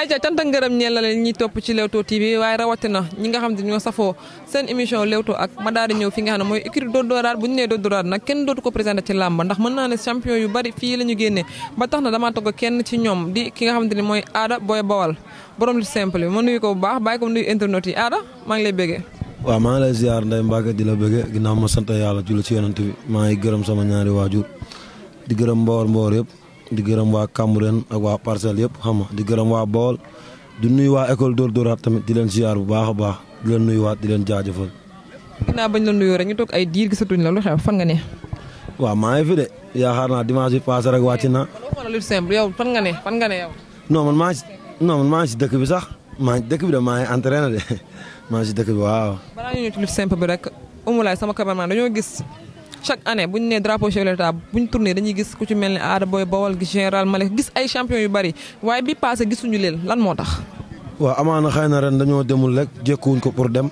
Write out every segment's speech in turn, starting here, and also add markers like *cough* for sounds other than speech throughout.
ayca cant ak ngërëm ñeel la leen ñuy topp ci Leewtoo TV waaye rawatina ñi nga xam ne ñoo safoo seen émission Leewtoo ak ma daal di ñëw fi nga xam ne mooy écurie Dóor Dóoraat bu ñu nee Dóor Dóoraat nag kenn dootu ko présenté ci làmb ndax mën naa ne champion yu bari fii la ñu génnee ba tax na damaa togg kenn ci ñoom di ki nga xam ne mooy Ada Boy Bawal borom lu simple bi ma nuyu ko bu baax bàyyi ko nuyu internet yi Ada maa ngi lay béggee waaw maa ngi lay ziar Ndeye Mbacke di la bëggee ginnaaw ma sant yàlla maa gërëm sama ñaari waajur di gërëm mboor mboor yëpp di gërëm waa Cambérène ak waa Parcelles yëpp xam nga di gërëm waa Bawol di nuyu waa école Dóor Dóoraat tamit di leen ziar bu baax a baax di leen nuyuwaat di leen jaajëfal. ginnaaw bañ la nuyoo rek ñu toog ay diir gisatuñ la lu xew fan nga ne. waaw maa ngi fi de yaakaar naa dimanche bi passé rek wàcc na. lu simple nga ne fan nga ne yow. non man maa ngi si dëkk bi sax maa ngi dëkk bi de maa ngi entraîné de *laughs* maa si dëkk bi waaw. balaa ñu ñëw ci lu simple bi rek Oumou Laye sama cameraman dañoo gis chaque année bu ñu nee drapeau chef de l'état bu ñu tourné dañuy gis ku ci mel ni Aada Boy Bawal gi général Malick gis ay champion yu bari waaye bi passé gisuñu leen lan moo tax. waa amaana xëy na ren dañoo demul rek jékkuwuñ ko pour dem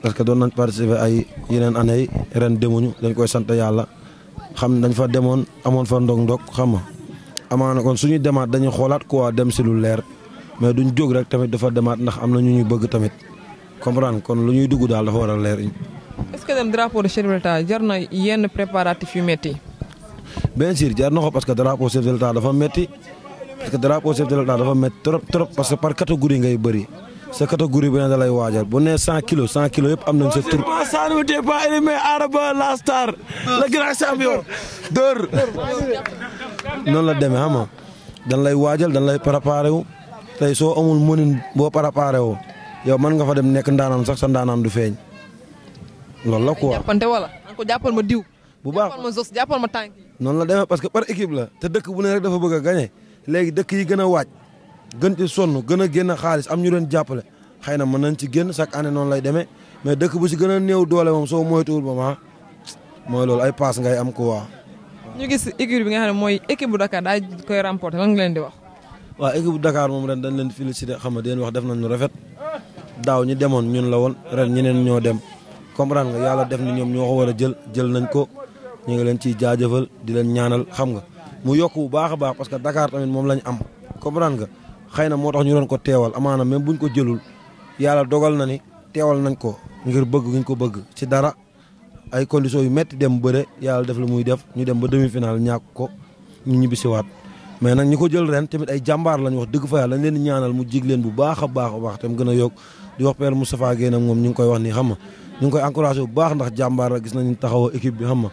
parce que doon nañ participer ay yeneen année yi ren demuñu dañ koy sant yàlla xam dañ fa demoon amoon fa ndog-ndog xam nga amaana kon suñuy demaat dañuy xoolaat quoi dem si lu leer mais duñ jóg rek tamit dafa demaat ndax am na ñu ñu bëgg tamit comprendre kon lu ñuy dugg daal dafa war a est-ce que dem drapeau de chef yenn préparatifs yu jar na ko parce que drapeau chef de l'État dafa métti parce que drapeau chef de l'État dafa métti trop trop parce que par catégorie ngay bëri sa catégorie bu ne da lay waajal bu ne 100 kilos 100 kilos yëpp am nañ sa tur. ça ne m'était pas aimé Araba la star le noonu la demee xam nga dan lay waajal dan lay préparé wu tey soo amul mënin boo préparé woo yow mën nga fa dem nekk ndaanaan sax sa ndaanaan du feeñ. loolu la quoi jàppante wala naan ko jàppal ma diw. bu baax jàppal ma zos jàppal ma tànk noonu la demee parce que par équipe la te dëkk bu ne rek dafa bëgg a gagné léegi dëkk yi gën a waaj gën ci sonn gën a génn xaalis am ñu leen jàppale xëy na mën nañ ci génn chaque année noonu lay demee mais dëkk bu si gën new néew doole moom soo moytuwul maman ah, mooy loolu ay paas ngay am quoi. ñu gis équipe bi nga xam ne mooy équipe bu Dakar daal koy remporter lan leen di wax. waa équipe bu Dakar moom ren dañ leen félicité xam nga di wax def nañu rafet daaw ñi demoon ñun la woon ren ñeneen ñoo dem comprendre nga yàlla def ni ñoom ñoo ko war a jël jël nañ ko ñu ngi leen ciy jaajëfal di leen ñaanal xam nga mu yokk bu baax a baax parce que Dakar tamit moom lañu am comprendre nga xëy na moo tax ñu doon ko teewal amaana même buñ ko jëlul yàlla dogal na ni teewal nañ ko ngir bëgg guñ ko bëgg ci dara ay conditions yu métti dem bëre yàlla def la muy def ñu dem ba demi-finale ñàkk ko ñu ñibbi ñibbisiwaat mais nag ñi ko jël ren tamit ay jàmbaar lañ wax dëgg fa yàlla leen ñaanal mu jig leen bu baax baax a baax tam gën a yokk di wax Père Moustapha moom ñu ngi koy wax nii xam nga ñu ngi koy encouragé bu baax ndax jàmbaar la gis nañu taxawoo équipe bi xam nga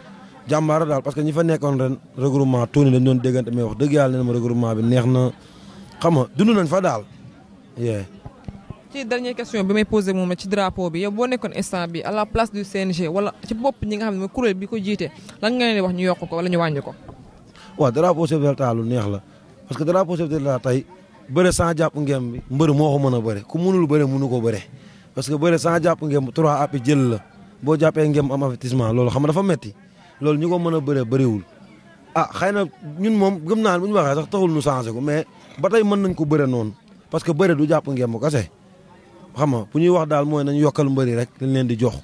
jàmbaar la daal parce que ñi fa nekkoon ren regroupement tuuti dañu doon déggante mais wax dëgg yàlla ne ma bi neex na xam nga dund nañ fa daal. ci dernière question bi may posé moom ci drapeau bi boo nekkoon instant bi à la place du CNG wala ci bopp ñi nga xam bi ko jiite lan nga leen wax ñu yokk ko wala ñu wàññi ko. waaw drapeau chef de l'État lu neex la parce que drapeau chef de l'État tey bëre sans jàpp ngem bi mbër moo ko mën a bëre ku mënul bëre mënu ko bëre parce que bëre sans jàpp ngeen trois appuis jël la boo jàppee ngeen am avertissement loolu xam nga dafa metti loolu ñu ko mën a bëree bëriwul ah xëy na ñun moom gëm naa bu ñu waxee sax taxul ñu changé ko mais ba tey mën nañ ko bëre noonu parce que bëre du jàpp ngeen bu kase xam nga bu ñuy wax daal mooy nañu yokkal mbëri rek lañ leen di jox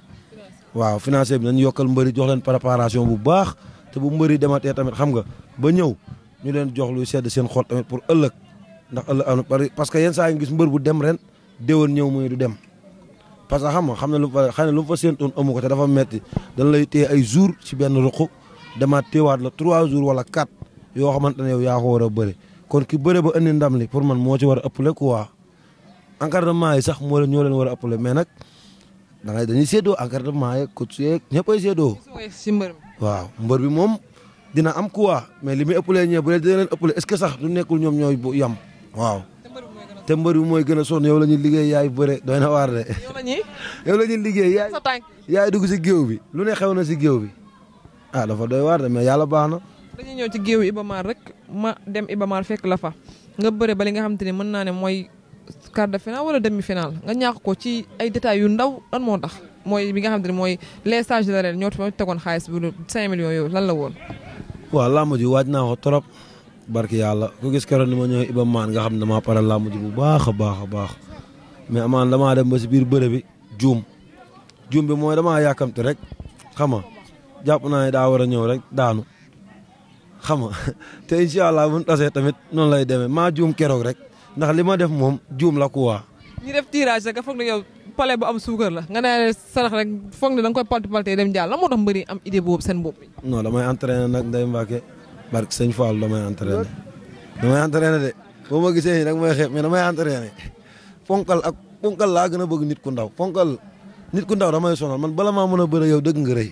waaw financier bi nañu yokkal mbëri jox leen préparation bu baax te bu mbëri dematee tamit xam nga ba ñëw ñu leen jox luy sedd seen xool tamit pour ëllëg ndax ëllëg am parce que yenn saa yi gis mbër bu dem ren déwén ñëw mu muy du dem parce que xam nga xam ne lu fa xam ne lu fa séentoon amu ko te dafa metti dañ lay téye ay jour ci benn ruq demaat téewaat la trois jours wala quatre yoo xamante ne yow yaa ko war a bëri kon ki bëre ba indi ndam li pour man moo ci war a ëppale quoi encadrement yi sax moo leen ñoo leen war a ëppale mais nag dangay dañuy séddoo encadrement yeeg coach yeeg ñëpp ay séddoo. waaw mbër bi moom dina am quoi mais li muy ëppalee ñee bu dee dina leen ëppale est ce que sax du nekkul ñoom ñooy yam waaw. te mbër bi mooy gën a sonn yow la ñuy liggéey yaay bëre doy na waar de. yow la ñuy *laughs* yow la ñuy liggéey yaay yaay dugg si géew bi lu ne xew na si géew bi ah dafa doy waar de mais yàlla baax na. dañuy ñëw ci géew Ibamar rek ma dem Ibamar fekk la fa nga bëre ba li nga xam te ne mën naa ne mooy quart de finale wala demi finale nga ñaax ko ci ay détails yu ndaw lan moo tax mooy bi nga xam te ne mooy les stages de la ren ñoo tegoon xaalis bu 5 millions yooyu lan la woon. waaw làmb ji waaj naa ko trop barki yàlla ku gis keroog ni ma ñëw Iba maan nga xam ne damaa pare làmb ji bu baax a baax a baax mais amaan damaa dem ba si biir bëre juum juum bi mooy damaa yàkkamti rek xam nga jàpp naa ne daa war a ñëw rek daanu xam nga te incha allah bu ñu tamit noonu lay demee maa juum keroog rek ndax li ma def moom juum la quoi. ñu def tirage rek foog na yow palais bu am suukar la nga ne sarax rek foog ne da nga koy palti palti dem jàll la moo tax mbëri am idée boobu seen bopp. non damay entraîné nag Ndeye Mbacke barke sëñ Fall damay entraîné damay entraîné de boo ma gisee nii rek may xeeb mais damay entraîné ponkal ak ponkal laa gën a bëgg nit ku ndaw ponkal nit ku ndaw damay sonal man bala maa mën a bëre yow dëgg nga rëy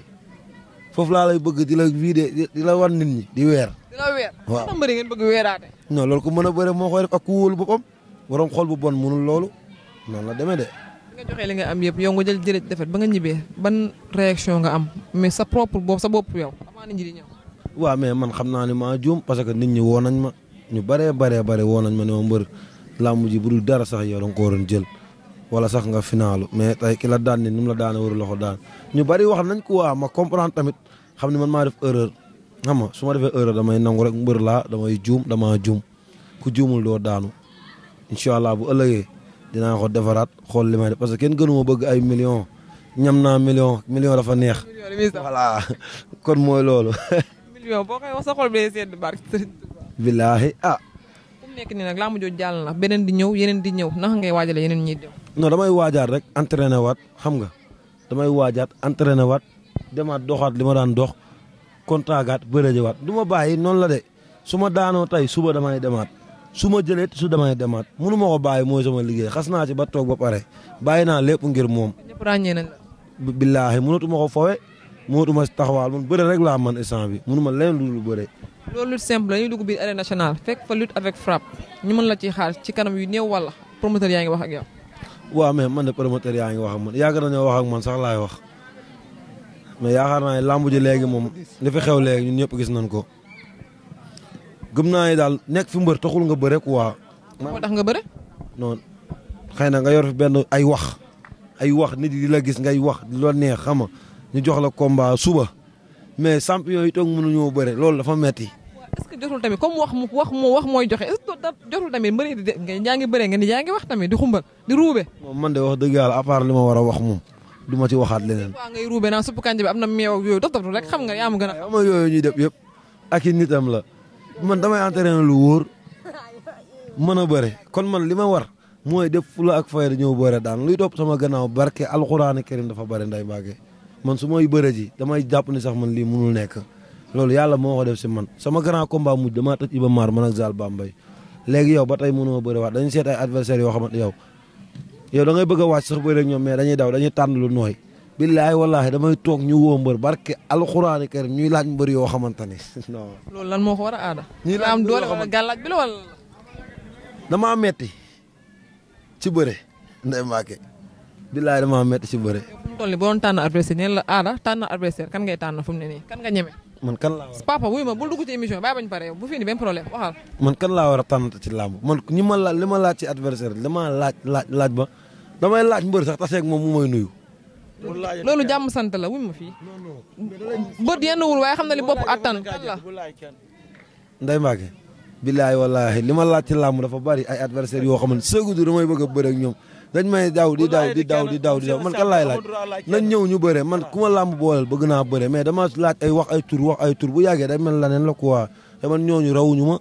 foofu laa lay bëgg di la vidé la wan nit ñi di weer. waaw mbëri ngeen bëgg weeraate. non loolu ku mën a bëre moo koy def ak ku wóolu boppam borom xol bu bon munu loolu noonu la demee de. nga li nga am yëpp yow nga jël jële defet ba nga ñibbee ban réaction nga am mais sa propre bopp sa bopp yow waaw mais man xam naa ne maa juum parce que nit ñi woo nañ ma ñu bëree baree bëri woo nañ ma ne ma mbër laa mujj bu dul dara sax yow da nga jël wala sax nga finaalu mais tey ki daan ni ni la daan waru loxo daan ñu bëri wax nañ ko waa ma comprendre tamit xam ne man maa def erreur xam nga su ma defee erreur damay nangu rek mbër laa damay juum damaa juum ku juumul doo daanu incha allah bu ëllëgee dinaa ko defaraat xool li may def parce que kenn gënuma bëgg ay millions ñam naa million million dafa neex. voilà *laughs* *laughs* yow boo koy wax sa xol bi sedd barke sëriñ Tuubaa billaahi ah fu mu nekk nii nag laamu jooju jàll na beneen di ñëw yeneen di ñëw naka ngay waajale yeneen ñiy dem non damay waajaat rek entraîné waat xam ga damay waajaat entrene waat demaat doxaat li ma daan dox kontaagaat bërëje waat du ma bàyyi noonu la de su ma daanoo tey suba damay demaat su ma jëlee su damay demaat mënu ma ko bàyyi mooy sama liggéey xas naa ci ba toog ba pare bàyyi naa lépp ngir moom. ñëpp billaahi mënatu ma ko fowe moo duma taxawaal man bëre rek laa man instant bi mënuma leen lu bëre. loolu lutte simple la ñuy dugg biir arène nationale fekk fa lutte avec frappe ñu mën la ci xaar ci kanam yu néew wala promoteur yaa ngi wax ak yow. waaw mais man de promoteur yaa ngi wax ak man yàgg nañoo wax ak man sax laay wax mais yaakaar naa ne làmb ji léegi moom li fi xew léegi ñun ñëpp gis nañ ko gëm naa ne daal nekk fi mbër taxul nga bëre quoi. ma tax nga bëre. noonu xëy na nga yor benn ay wax ay wax nit yi la gis ngay wax di la neex ñu jox la combat suba mais champion yi toog mënuñoo bare loolu dafa metti est-ce que jotul tamit comme wax mu wax mu wax mooy joxe est-ce que jotul tamit mbëri di yaa ngi bëree nga ni yaa ngi wax tamit di xumbal di ruube. moom man de wax dëgg yàlla à part war a wax moom du ma ci waxaat leneen. waaw ngay ruube naan suppu kànja am na meew ak yooyu dof a. am nitam la man damay entraîné lu wóor mën a bëre kon man li ma war mooy def fula ak fayda ñëw bëre daan luy topp sama gannaaw barke alxuraani karim dafa bëri nday mbaage man su may bëre ji damay jàpp ni sax man lii mënul nekk loolu yàlla moo ko def si man sama grand combat mujj damaa tëj Iba Mar man ak Zal Bambay léegi yow ba tey mënuma bëre waat dañu seet ay yoo xamante yow yow da ngay bëgg a sax bëre ak ñoom mais dañuy daw dañuy tànn lu nooy billaahi wallaahi damay toog ñu woo mbër barke alxuraani karim ñuy laaj mbër yoo xamante ni *laughs* non. loolu lan moo ko war a aada. ñuy am doole wala gàllaaj la wala. metti ci bëre ndey maake bilaay damaa métti si bëre. bu mu toll nii boo doon tànn adversaire neen la aada tànn adversaire kan ngay tànn fu mu ne kan nga ñeme. laa a papa wuy ma bul dugg ci émission bàyyi bañ pare yow bu fi ni benn problème waxal. man kan laa war a tànn ci man ñi ma laaj li ma laaj ci adversaire damaa laaj laaj laaj ba damay laaj mbër sax taseeg moom mu may nuyu. loolu jàmm sant la wuy ma fii. bët yenn wul waaye xam na li bopp attan kan la. Ndeye Mbacke. bilaay wallaahi li ma laaj ci làmb dafa bari ay adversaire yoo xam ne sëgu du damay bëgg a bëre ak dañ may daw di daw di daw di daw di daw man kan laay laaj nañ man ku ma làmb booleel bëgg naa bëre mais dama laaj ay wax ay tur wax ay tur bu yàggee day mel laneen la quoi te man ñooñu rawuñu ma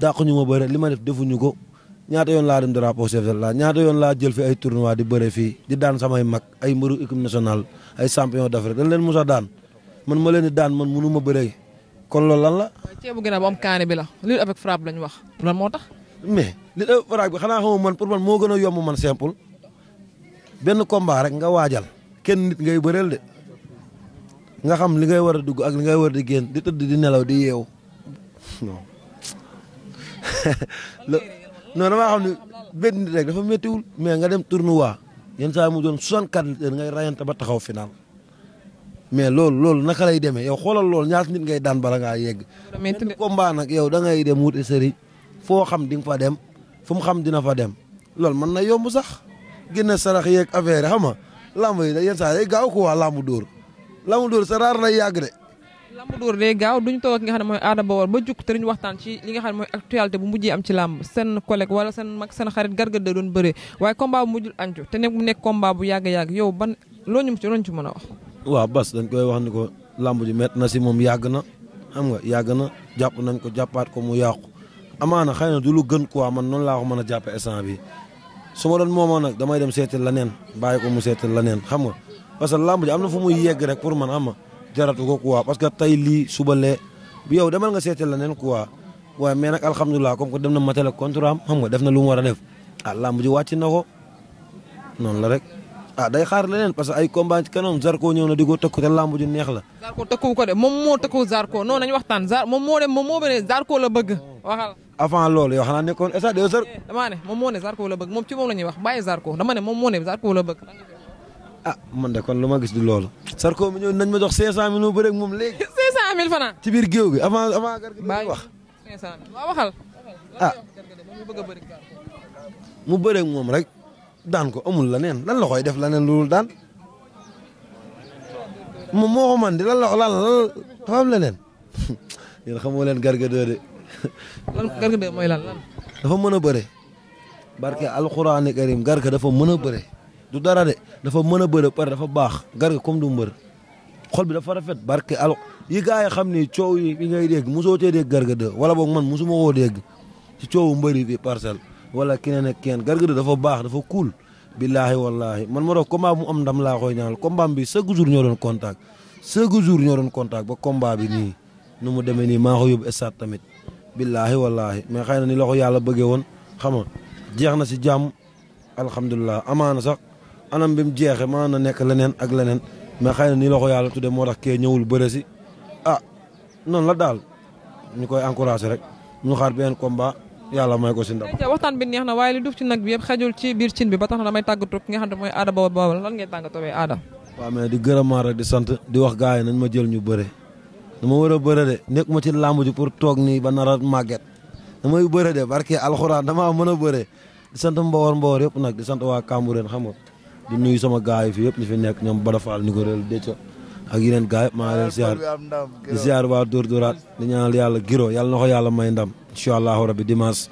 dàquñu ma li ma def defuñu ko ñaata yoon laa dem drapeau chef de la ñaata yoon laa jël fi ay tournoi di bëre fii di daan samay mag ay mbëru équipe nationale ay champion d'Afrique dañ leen mos a daan man ma leen di daan man mënu ma bëree kon loolu lan la. ceebu gën bo bu am kaane bi la lutte avec frappe lañ wax lan moo tax. mais li ëpp baraag bi xanaa xamuma man pour man moo gën a yomb man simple benn combat rek nga waajal kenn nit ngay bëreel de nga xam li ngay war a dugg ak li ngay war di génn di tëdd di nelaw di yeewu non *laughs* non damaa xam ne benn nit rek dafa méttiwul mais nga dem tournoi yenn saa mu doon 64 nit ngay rayante ba taxaw final mais loolu loolu naka lay demee yow xoolal loolu ñaata nit ngay daan bala ngaa yegg. combat nag yow da ngay dem wuti sëriñ foo xam di nga fa dem. fu mu xam dina fa dem loolu mën na yomb sax génne sarax yeeg affaire xam nga lamb yi yenn saa day gaaw quoi lamb dóor lamb dóor sa raar lay yàgg de. lamb dóor de gaaw duñ toog ak nga xam ne mooy aada boor ba jukk te duñ waxtaan ci li nga xam ne mooy actualité bu mujjee am ci lamb seen collègue wala seen mag seen xarit garga da doon bëree waaye combat bu mujjul ancu te nekk mu nekk combat bu yàgg yàgg yow ban loo ñu ci loo ñu ci a wax. waaw Bas dañ koy wax ko lamb ji met na si moom yàgg na xam nga yàgg na jàpp nañ ko jàppaat ko mu yàqu amaana xëy na du lu gën quoi man noonu laa ko mën a jàpp instant bi su ma doon moomoon nag damay dem seeti leneen bàyyi ko mu seeti leneen xam nga parce que am na fu muy yegg rek pour man am ma jaratu que tey lii suba lee bu yow demal nga seeti leneen quoi waaye mais nag alhamdulilah comme que dem na matale contrat am xam def na lu mu war a def ah làmb ji wàcc na ko noonu la rek. ah day xaar leneen parce que ay combat ci ko tëkku te làmb ju neex la. Zarko tëkkuwu ko de moo tëkku moom moo dem moom moo la bëgg waxal. avant loolu yow xanaa nekkoon stade yow Zarko. damaa ne moom moo ne Zarko la bëgg moom ci moom la ñuy wax bàyyi Zarko dama ne moom moo ne Zarko la bëgg. ah man de kon lu ma gis du loolu. Zarko mi ñëw nañ ma jox 500000 mu bëreeg moom léegi. 500000 *laughs* fanaan. ci biir géew gi avant avant. bàyyi 500000 waaw waxal. ah mu bëreeg moom rek daan ko amul leneen lan la koy def leneen loolu daan moom moo ko mën di lan la lan lan dafa am leneen *laughs* yéen xamoo leen gargaare de. lan mooy lan dafa mën a bëre. barke alxuraani karim garga dafa mën a bëre. du dara de dafa mën a bëre pare dafa baax garga comme du mbër xol bi dafa rafet barke al yi gars yi xam ni coow yi bi ngay dégg mosoo tee dégg garga de wala boog man mosuma koo dégg ci coowu mbëri bi parcelle wala keneen ak keneen garga de dafa baax dafa cool billaahi wallaahi man ma doon combat mu am ndam laa koy ñaanal combat bi chaque jour ñoo doon contact chaque jour ñoo doon contact ba combat bi nii nu mu demee nii maa ko tamit billaahi wallaahi mais xay na ni la ko yàlla bëggee woon xam nga jeex na si jàmm alhamdulilah amaana sax anam bi mu jeexe mën na nekk leneen ak leneen mais xëy na nii la ko yàlla tudde moo tax kee ñëwul bëre si ah noonu la daal ñu koy encouragé rek ñu xaar beneen combat yàlla may ko si a waxtaan bi neex na waaye li duuf ci nag bi yëpp xajul ci biir cin bi ba tax na damay tàggatoo ki nga xam ne mooy aada boobu boobu lan ngay tàggatoo bee aa waaw mais di gërëmaar di sant di wax gars yi nañ ma jël ñu bëre. dama war a bëre de nekkuma ci làmb ji pour toog nii ba nar a màgget damay bëre de barke alxuraan damaa mën a bëre di sant mboor mboor yëpp nag di sant waa Cambérène xam nga di nuyu sama gaay yi fii yëpp ñu fi nekk ñoom Badafal ni ko réel Déthié ak yeneen gaay yëpp maa ngi leen siyaar di siyaar waa Dóor Dóoraat di ñaanal yàlla giro yàlla na ko yàlla may ndam incha allahu rabbi dimanche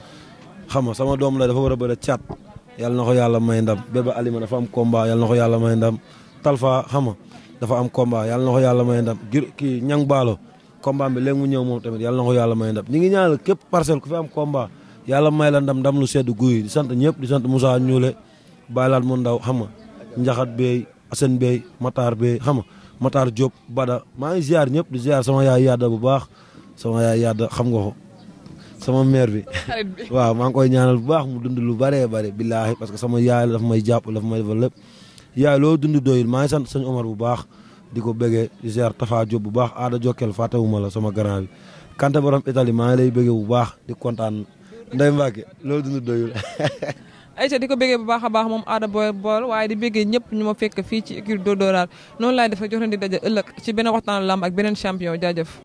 xam nga sama doom la dafa war a bëre cat yàlla na ko yàlla may ndam béba alima am combat yàlla na ko yàlla may ndam talfa xam dafa am combat yàlla na ko yàlla may ndam jur kii ñang baalo combat bi mu ñëw moom tamit yàlla na ko yàlla may ndam ñi ngi ñaanal képp parcelle ku fi am combat yàlla may la ndam ndam lu sedd guy di sant ñëpp di sant Moussa Ñuule Baylaat mu ndaw xam nga Njaxat Bey Assane Bey Matar Bey xam nga Matar Diop Bada maa ngi ziar ñëpp di ziar sama yaay yadda bu baax sama yaay yadda xam nga ko sama mère bi *laughs* waaw maa ngi koy ñaanal bu baax mu dund lu bëree bëri billaahi parce que sama yaay la dafa may lépp yaay loo dund doyul maa ngi sant Omar bu baax di ko bëggee di ziar Tafa Diop bu baax aada Jokkel fàttewuma la sama grand bi Kanté borom Italie maa ngi lay bëggee bu baax di kontaan Ndeye Mbacke loo dund doyul. *laughs* Aïcha di ko bëggee bu baax a baax moom aada booy bool waaye di bëggee ñëpp ñu ma fekk fii ci écurie Dóor Dóoraat noonu laay def jox leen di daje ëllëg ci beneen waxtaan lamb ak beneen champion jaajëf.